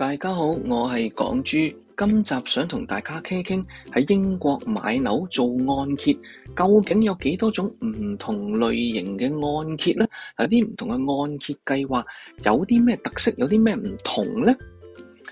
大家好，我係港豬，今集想同大家傾傾喺英國買樓做按揭，究竟有幾多種唔同類型嘅按揭呢？有啲唔同嘅按揭計劃，有啲咩特色，有啲咩唔同呢？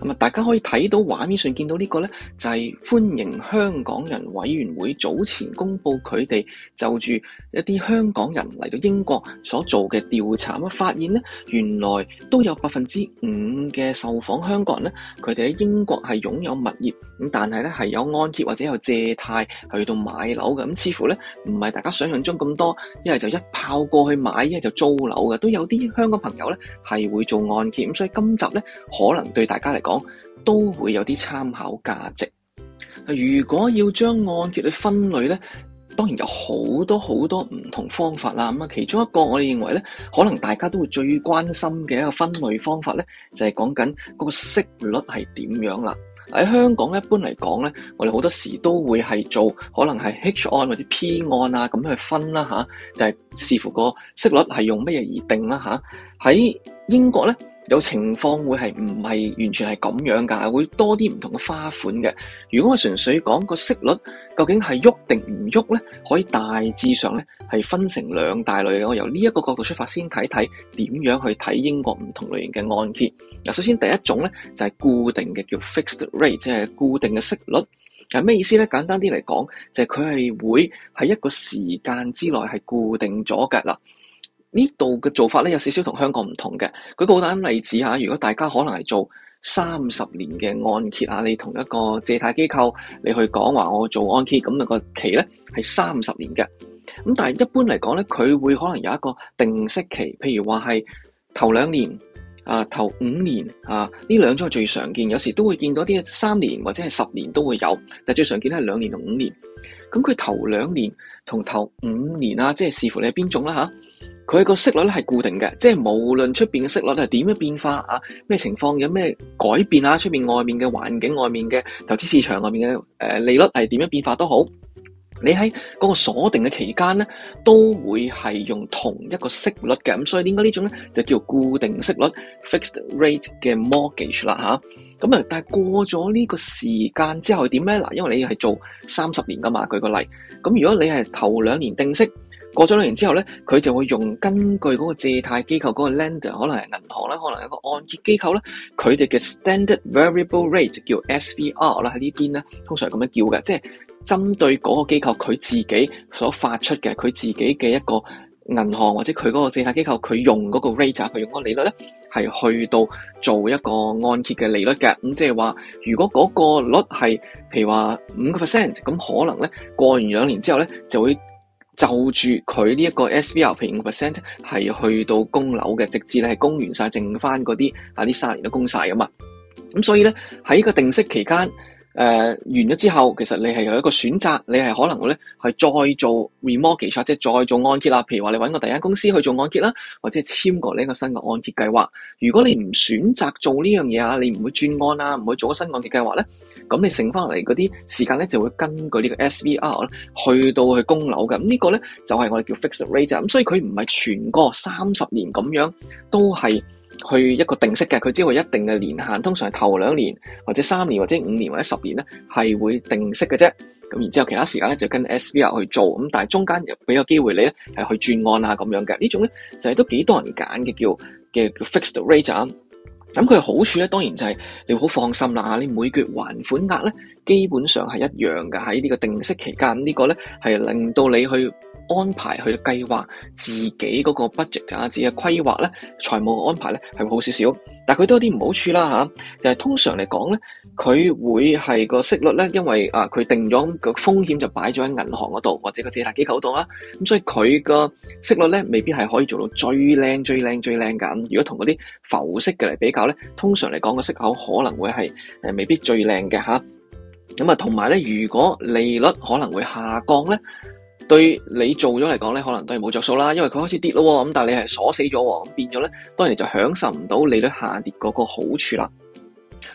咁啊，大家可以睇到畫面上見到呢個咧，就係歡迎香港人委員會早前公布佢哋就住一啲香港人嚟到英國所做嘅調查，啊發現咧，原來都有百分之五嘅受訪香港人咧，佢哋喺英國係擁有物業，咁但係咧係有按揭或者有借貸去到買樓嘅，咁似乎咧唔係大家想象中咁多，一係就一炮過去買，一係就租樓嘅，都有啲香港朋友咧係會做按揭，咁所以今集咧可能對大家嚟。講都會有啲參考價值。如果要將按揭去分類咧，當然有好多好多唔同方法啦。咁啊，其中一個我哋認為咧，可能大家都會最關心嘅一個分類方法咧，就係講緊嗰個息率係點樣啦。喺香港一般嚟講咧，我哋好多時都會係做可能係 H 按或者 P 按啊，咁去分啦吓，就係視乎個息率係用乜嘢而定啦吓。喺英國咧，有情況會係唔係完全係咁樣㗎？會多啲唔同嘅花款嘅。如果我純粹講、個息率，究竟係喐定唔喐咧？可以大致上咧係分成兩大類嘅。我由呢一個角度出發先，睇睇，先睇睇點樣去睇英國唔同類型嘅按揭。嗱，首先第一種咧就係、係、固定嘅，叫 fixed rate，即係固定嘅息率。係咩意思咧？簡單啲嚟講，就係佢係會喺一個時間之內係固定咗㗎啦。呢度嘅做法咧有少少同香港唔同嘅。舉個好簡單例子嚇，如果大家可能係做三十年嘅按揭啊，你同一個借貸機構你去講話我做按揭，咁個期咧係三十年嘅。咁但係一般嚟講咧，佢會可能有一個定息期，譬如話係頭兩年啊、頭五年啊，呢兩種係最常見，有時都會見到啲三年或者係十年都會有，但係最常見咧係兩年同五年。咁佢頭兩年同頭五年啊，即係視乎你係邊種啦、啊佢個息率咧係固定嘅，即係無論出邊嘅息率係點樣變化啊，咩情況有咩改變啊，出邊外面嘅環境、外面嘅投資市場、外面嘅誒利率係點樣變化都好，你喺嗰個鎖定嘅期間咧，都會係用同一個息率嘅，咁所以點解呢種咧就叫固定息率 （fixed rate） 嘅 mortgage 啦嚇咁啊， 但係過咗呢個時間之後點咧？嗱，因為你係做三十年噶嘛，舉個例，咁如果你係頭兩年定息。過咗兩年之後咧，佢就會用根據嗰個借貸機構嗰個 lender，可能係銀行啦，可能有個按揭機構咧，佢哋嘅 standard variable rate 叫 SVR 啦，喺呢邊咧通常咁樣叫嘅，即係針對嗰個機構佢自己所發出嘅，佢自己嘅一個銀行或者佢嗰個借貸機構佢用嗰個 rate，佢用嗰個利率咧係去到做一個按揭嘅利率嘅。咁即係話，如果嗰個率係譬如話五個 percent，咁可能咧過完兩年之後咧就會。就住佢呢一個 SVR 平五 percent，係去到供樓嘅，直至你係供完晒剩翻嗰啲啊啲三年都供晒㗎嘛，咁所以咧喺個定息期間。誒、呃、完咗之後，其實你係有一個選擇，你係可能會咧係再做 remortgage 即係再做按揭啦。譬如話你揾個第一間公司去做按揭啦，或者簽個呢一個新嘅按揭計劃。如果你唔選擇做呢樣嘢啊，你唔去轉按啊，唔去做個新按揭計劃咧，咁你剩翻嚟嗰啲時間咧就會根據呢個 SVR 去到去供樓嘅。咁、這個、呢個咧就係、是、我哋叫 fixed rate 啊。咁所以佢唔係全個三十年咁樣都係。去一個定息嘅，佢只會一定嘅年限，通常係頭兩年或者三年或者五年或者十年咧，係會定息嘅啫。咁然之後其他時間咧就跟 SVR 去做，咁但係中間有俾個機會你咧係去轉按啊咁樣嘅呢種咧，就係、是、都幾多人揀嘅叫嘅叫 fixed rate。咁佢、嗯、好處咧，當然就係、是、你好放心啦嚇，你每個月還款額咧基本上係一樣嘅喺呢個定息期間，這個、呢個咧係令到你去。安排去計劃自己嗰個 budget，啊自己嘅規劃咧，財務嘅安排咧係會好少少，但係佢都有啲唔好處啦吓、啊，就係、是、通常嚟講咧，佢會係個息率咧，因為啊佢定咗個風險就擺咗喺銀行嗰度或者個借貸機構度啦，咁、啊、所以佢個息率咧未必係可以做到最靚、最靚、最靚㗎、啊。如果同嗰啲浮息嘅嚟比較咧，通常嚟講個息口可能會係誒、呃、未必最靚嘅吓。咁啊，同埋咧，如果利率可能會下降咧。對你做咗嚟講咧，可能都係冇着數啦，因為佢開始跌咯，咁但你係鎖死咗，咁變咗咧，當然就享受唔到利率下跌嗰個好處啦。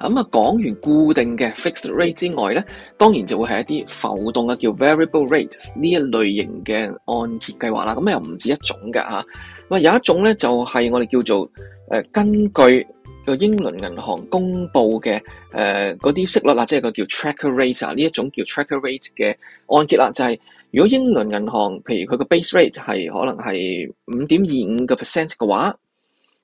咁啊，講完固定嘅 fixed rate 之外咧，當然就會係一啲浮動嘅叫 variable rates 呢一類型嘅按揭計劃啦。咁又唔止一種嘅吓。咁啊有一種咧就係我哋叫做、呃、根據個英倫銀行公布嘅誒嗰啲息率啦，即係個叫 tracker rate 啊，呢一種叫 tracker rate 嘅按揭啦，就係、是。如果英倫銀行譬如佢個 base rate 係可能係五點二五個 percent 嘅話，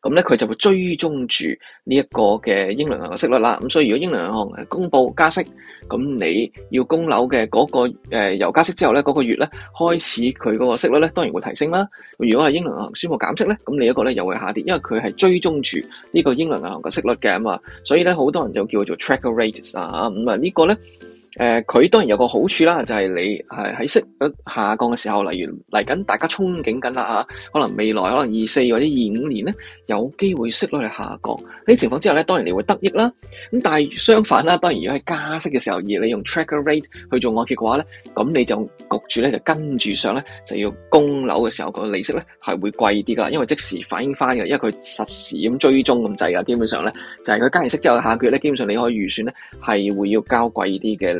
咁咧佢就會追蹤住呢一個嘅英倫銀行嘅息率啦。咁所以如果英倫銀行係公布加息，咁你要供樓嘅嗰、嗰個、呃、由加息之後咧，嗰、嗰個月咧開始佢個息率咧當然會提升啦。如果係英倫銀行宣布減息咧，咁你一個咧又會下跌，因為佢係追蹤住呢個英倫銀行嘅息率嘅，咁啊，所以咧好多人就叫做 tracker rates 啊，咁啊、呢個、呢個咧。誒，佢、呃、當然有個好處啦，就係、係、你喺息率下降嘅時候，例如嚟緊大家憧憬緊啦吓，可能未來可能二四或者二五年咧，有機會息率係下降呢情況之後咧，當然你會得益啦。咁但係相反啦，當然如果係加息嘅時候，而你用 tracker rate 去做按揭嘅話咧，咁你就焗住咧就跟住上咧，就要供樓嘅時候個利息咧係會貴啲噶，因為即時反映翻嘅，因為佢實時咁追蹤咁滯噶。基本上咧就係、係、佢加完息之後下個月咧，基本上你可以預算咧係會要交貴啲嘅。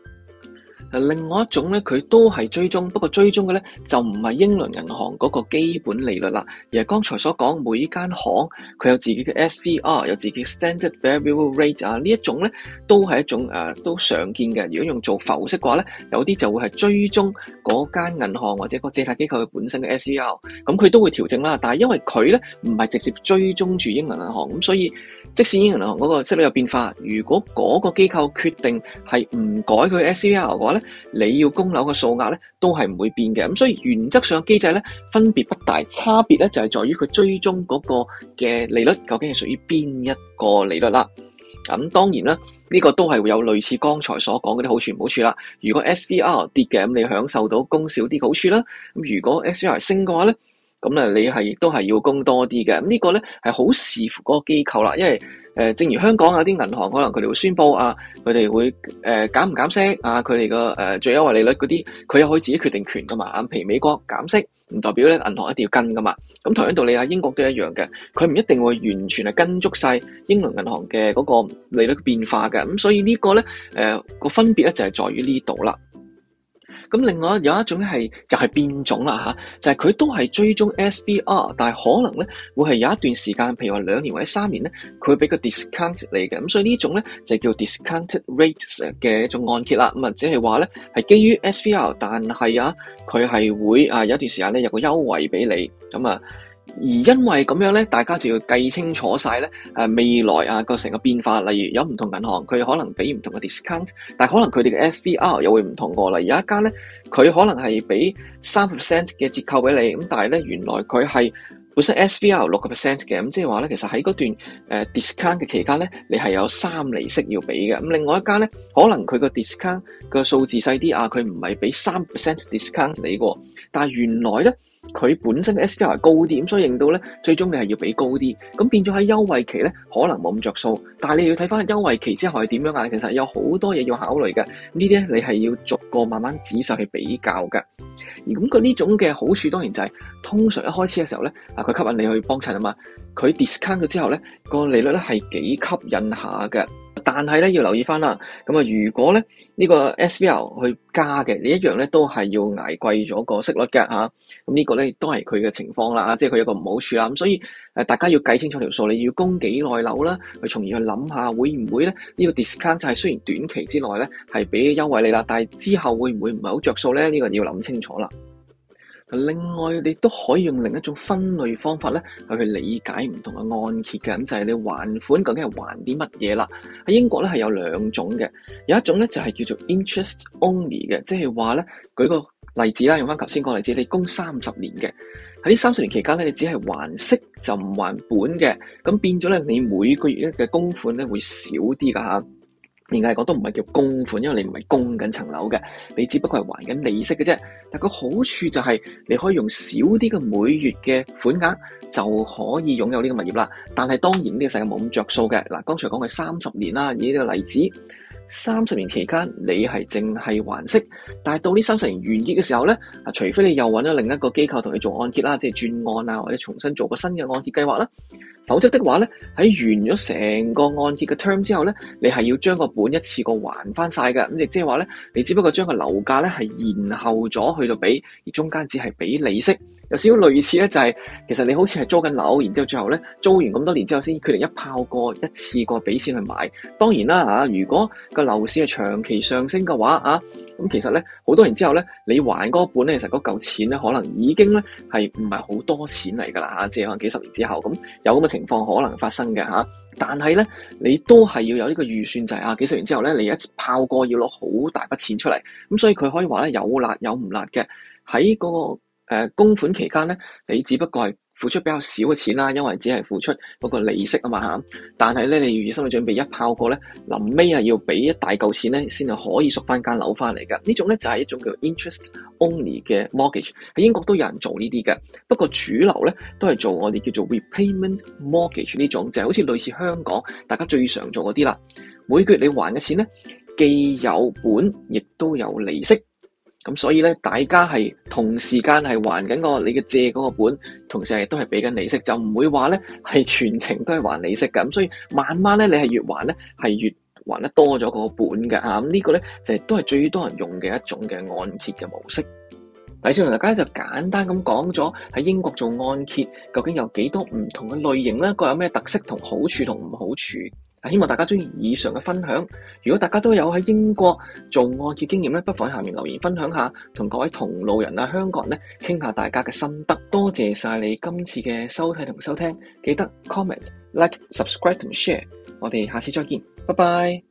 另外一種咧，佢都係追蹤，不過追蹤嘅咧就唔係英倫銀行嗰個基本利率啦，而係剛才所講每間行佢有自己嘅 SVR，有自己 standard variable rate 啊，呢一種咧都係一種誒、啊、都常見嘅。如果用做浮息嘅話咧，有啲就會係追蹤嗰間銀行或者個借貸機構本身嘅 SVR，咁佢都會調整啦。但係因為佢咧唔係直接追蹤住英倫銀行，咁所以即使英倫銀行嗰個息率有變化，如果嗰個機構決定係唔改佢 SVR 嘅話咧，你要供樓嘅數額咧，都係唔會變嘅。咁所以原則上嘅機制咧，分別不大，差別咧就係在於佢追蹤嗰個嘅利率，究竟係屬於邊一個利率啦。咁當然啦，呢個都係會有類似剛才所講嗰啲好處唔好處啦。如果 SVR 跌嘅，咁你享受到供少啲嘅好處啦。咁如果 SVR 升嘅話咧，咁咧你係亦都係要供多啲嘅。咁呢個咧係好視乎嗰個機構啦，因為。誒，正如香港有啲銀行，可能佢哋會宣布啊，佢哋會誒、呃、減唔減息啊，佢哋個誒最優惠利率嗰啲，佢又可以自己決定權噶嘛。譬如美國減息，唔代表咧銀行一定要跟噶嘛。咁同樣道理啊，英國都一樣嘅，佢唔一定會完全係跟足晒英倫銀行嘅嗰個利率變化嘅。咁所以個呢個咧，誒、呃、個分別咧就係、是、在於呢度啦。咁另外有一種咧係又係變種啦嚇，就係佢都係追蹤 SVR，但係可能咧會係有一段時間，譬如話兩年或者三年咧，佢會俾個 discount 嚟嘅。咁所以呢種咧就叫 discounted rate 嘅一種按揭啦。咁啊，只係話咧係基於 SVR，但係啊佢係會啊有一段時間咧有個優惠俾你咁啊。而因為咁樣咧，大家就要計清楚晒咧、啊、未來啊個成個變化，例如有唔同銀行佢可能俾唔同嘅 discount，但係可能佢哋嘅 SVR 又會唔同過啦。而有一間咧，佢可能係俾三 percent 嘅折扣俾你，咁但係咧原來佢係本身 SVR 六個 percent 嘅，咁即係話咧其實喺嗰段 discount 嘅期間咧，你係有三釐息要俾嘅。咁另外一間咧，可能佢個 discount 個數字細啲啊，佢唔係俾三 percent discount 你過，但係原來咧。佢本身嘅 SVR 高啲，咁所以令到咧最終你係要俾高啲，咁變咗喺優惠期咧可能冇咁着數，但係你要睇翻優惠期之後係點樣啊？其實有好多嘢要考慮嘅，呢啲咧你係要逐個慢慢仔細去比較㗎。而咁佢呢種嘅好處當然就係、是、通常一開始嘅時候咧啊，佢吸引你去幫襯啊嘛，佢 discount 咗之後咧個利率咧係幾吸引下嘅。但係咧要留意翻啦，咁啊如果咧呢個 SVR 去加嘅，你一樣咧都係要捱貴咗個息率嘅嚇，咁呢個咧都係佢嘅情況啦，即係佢有個唔好處啦，咁所以誒大家要計清楚條數，你要供幾耐樓啦，去從而去諗下會唔會咧呢個 discount 就係雖然短期之內咧係俾優惠你啦，但係之後會唔會唔係好着數咧？呢、呢個要諗清楚啦。另外，你都可以用另一種分類方法咧去理解唔同嘅按揭嘅，咁就係、是、你還款究竟係還啲乜嘢啦？喺英國咧係有兩種嘅，有一種咧就係叫做 interest only 嘅，即係話咧舉個例子啦，用翻頭先個例子，你供三十年嘅，喺呢三十年期間咧，你只係還息就唔還本嘅，咁變咗咧你每個月咧嘅供款咧會少啲噶嚇連嚟講都唔係叫供款，因為你唔係供緊層樓嘅，你只不過係還緊利息嘅啫。但個好處就係你可以用少啲嘅每月嘅款額就可以擁有呢個物業啦。但係當然呢個世界冇咁着數嘅。嗱，剛才講嘅三十年啦，以呢個例子。三十年期間，你係淨係還息，但係到呢三十年完結嘅時候咧，啊，除非你又揾咗另一個機構同你做按揭啦，即係轉按啊，或者重新做個新嘅按揭計劃啦，否則的話咧，喺完咗成個按揭嘅 term 之後咧，你係要將個本一次過還翻晒嘅，咁亦即係話咧，你只不過將個樓價咧係延後咗去到俾，而中間只係俾利息。有少少類似咧、就是，就係其實你好似係租緊樓，然之後最後咧租完咁多年之後，先決定一泡過一次過俾錢去買。當然啦，如果個樓市係長期上升嘅話，啊，咁其實咧好多年之後咧，你還嗰本咧，其實嗰嚿錢咧可能已經咧係唔係好多錢嚟㗎啦？啊，即係可能幾十年之後，咁有咁嘅情況可能發生嘅、啊、但係咧，你都係要有呢個預算，就係、是、啊幾十年之後咧，你一泡過要攞好大筆錢出嚟，咁所以佢可以話咧有辣有唔辣嘅喺個誒、啊、供款期間咧，你只不過係付出比較少嘅錢啦，因為只係付出嗰個利息啊嘛嚇。但係咧，你要心理準備一炮過咧，臨尾啊要俾一大嚿錢咧，先係可以贖翻間樓翻嚟㗎。種呢種咧就係、是、一種叫 interest only 嘅 mortgage，喺英國都有人做呢啲嘅。不過主流咧都係做我哋叫做 repayment mortgage 呢種，就係好似類似香港大家最常做嗰啲啦。每個月你還嘅錢咧，既有本，亦都有利息。咁所以咧，大家係同時間係還緊個你嘅借嗰個本，同時係都係俾緊利息，就唔會話咧係全程都係還利息㗎。咁所以慢慢咧，你係越還咧係越還得多咗個本嘅㗎。咁、啊這個、呢個咧就係都係最多人用嘅一種嘅按揭嘅模式。首先同大家就簡單咁講咗喺英國做按揭究竟有幾多唔同嘅類型咧，各有咩特色同好處同唔好處。希望大家中意以上嘅分享。如果大家都有喺英國做按揭嘅經驗咧，不妨喺下面留言分享下，同各位同路人啊、香港人咧，傾下大家嘅心得。多謝晒你今次嘅收睇同收聽，記得 comment、like、subscribe 同 share。我哋下次再見，拜拜。